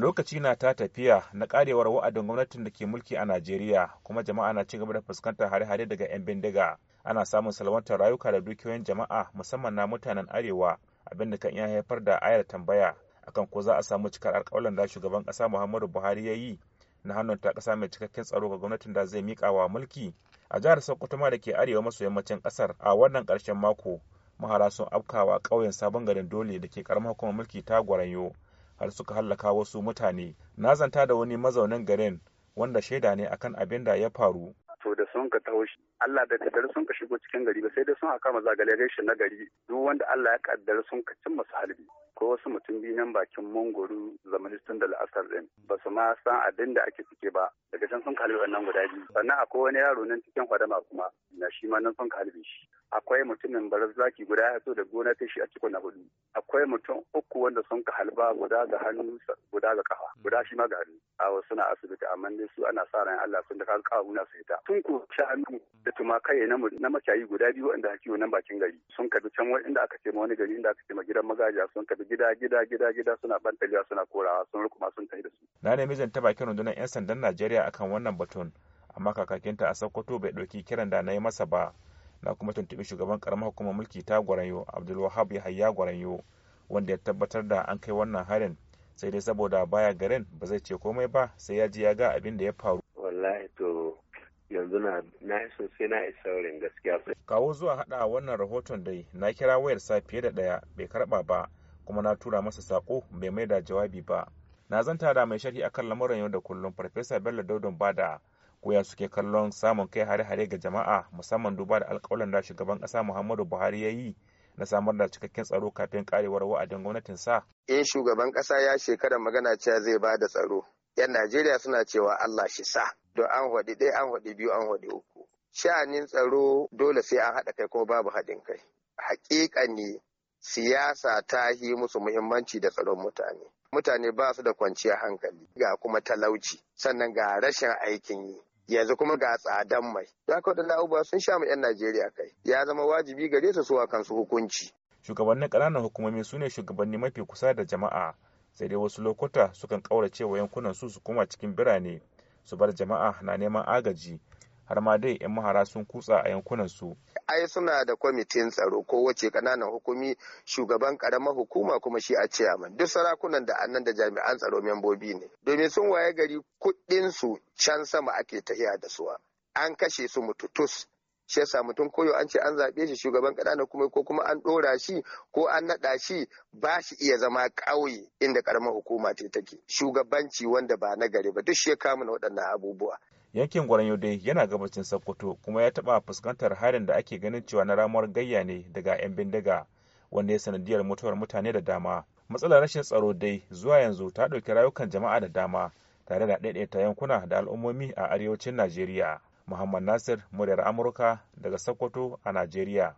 lokaci na ta tafiya na karewar wa'adin gwamnatin da ke mulki a najeriya kuma jama'a na cigaba da fuskantar hare-hare daga 'yan bindiga ana samun salwantar rayuka da dukiyoyin jama'a musamman na mutanen arewa abinda kan iya haifar da ayar tambaya akan ko za a samu cikar alkawalan da shugaban ƙasa muhammadu buhari ya yi na hannun ta kasa mai cikakken tsaro ga gwamnatin da zai mika wa mulki a jihar sokoto ma da ke arewa maso yammacin ƙasar a wannan karshen mako mahara sun afkawa ƙauyen sabon garin dole da ke karamar hukumar mulki ta gwarayo har suka hallaka wasu mutane na zanta da wani mazaunin garin wanda shaida ne akan abin da ya faru to da sun ka taho Allah da tattare sun ka shigo cikin gari ba sai dai sun haka gale gaishe na gari duk wanda Allah ya kaddara sun ka cimma su halbi ko wasu mutum biyu nan bakin mongoro zamanistin da la'asar din ba su ma san abin da ake cike ba daga can sun kalbi wannan guda biyu sannan akwai wani yaro nan cikin kwadama kuma na shi ma nan sun kalbi shi akwai mutumin barazaki guda ya zo da gona ta shi a cikin na hudu akwai mutum uku wanda sun ka halba guda ga hannu guda ga kafa hmm. guda shi ma ga hannu a wasu na asibiti amma dai su ana sa ran Allah sun da ka kawo na su hita tun ku shanu da tumakai na na makiyayi guda biyu wanda hakiyo nan bakin gari sun kabi can inda aka ce ma wani gari inda aka ce ma gidan magaja sun kabi gida gida gida gida suna bantaliya suna korawa sun rukuma sun tafi da su na nemi mijin ta bakin rundunar yan sandan Najeriya akan wannan batun amma kakakinta a Sokoto bai dauki kiran da na yi masa ba na kuma tuntuɓi shugaban karamar hukumar mulki ta gwarayo abdulwahab ya yahaya gwarayo wanda ya tabbatar da an kai wannan harin sai dai saboda baya garin ba zai ce komai ba sai ya ji ya ga abin da ya faru wallahi to yanzu na na iso sai na isa wurin gaskiya kawo zuwa hada wannan rahoton dai na kira wayar sa fiye da daya bai karba ba kuma na tura masa sako bai mai da jawabi ba na zanta da mai sharhi akan lamuran yau da kullum farfesa bello daudon bada koya suke kallon samun kai hare-hare ga jama'a musamman duba da alkawalan da shugaban ƙasa muhammadu buhari ya yi na samar da cikakken tsaro kafin karewar wa'adin gwamnatin sa. in eh, shugaban ƙasa ya shekarar magana cewa zai ba da tsaro yan najeriya suna cewa allah shi sa don an haɗi ɗaya an haɗi biyu an haɗi uku sha'anin tsaro dole sai an haɗa kai kuma babu haɗin kai hakika ne siyasa ta yi musu muhimmanci da tsaron mutane mutane ba su da kwanciyar hankali ga kuma talauci sannan ga rashin aikin yi yanzu kuma ga tsadan mai Ya haka abubuwa sun sha mu 'yan najeriya kai ya zama wajibi gare su suwa kansu hukunci shugabannin ƙananan hukumomi su ne shugabanni mafi kusa da jama'a sai dai wasu lokuta sukan ƙaurace wa yankunan su su koma cikin birane su bar jama'a na neman agaji har ma dai 'yan mahara sun kutsa a yankunansu. su. ai suna da kwamitin tsaro ko wace kananan hukumi shugaban karamar hukuma kuma shi a ciyaman duk sarakunan da annan da jami'an tsaro membobi ne domin sun waye gari kuɗin su can sama ake tahiya da suwa an kashe su mututus shi yasa mutum koyo an ce an zaɓe shi shugaban ƙananan hukuma ko kuma an ɗora shi ko an naɗa shi ba shi iya zama ƙauye inda karamar hukuma ce take shugabanci wanda ba na gari ba duk shi ya kama na waɗannan abubuwa yankin gwaran yaudai yana gabacin sokoto kuma ya taba fuskantar harin da ake ganin cewa na ramuwar gayya ne daga 'yan bindiga wanda ya sanadiyar mutuwar mutane da dama matsalar rashin tsaro dai zuwa yanzu ta ɗauki rayukan jama'a da dama tare da ɗaiɗaita yankuna da al'ummomi a arewacin najeriya muhammad nasir muryar amurka daga sokoto a najeriya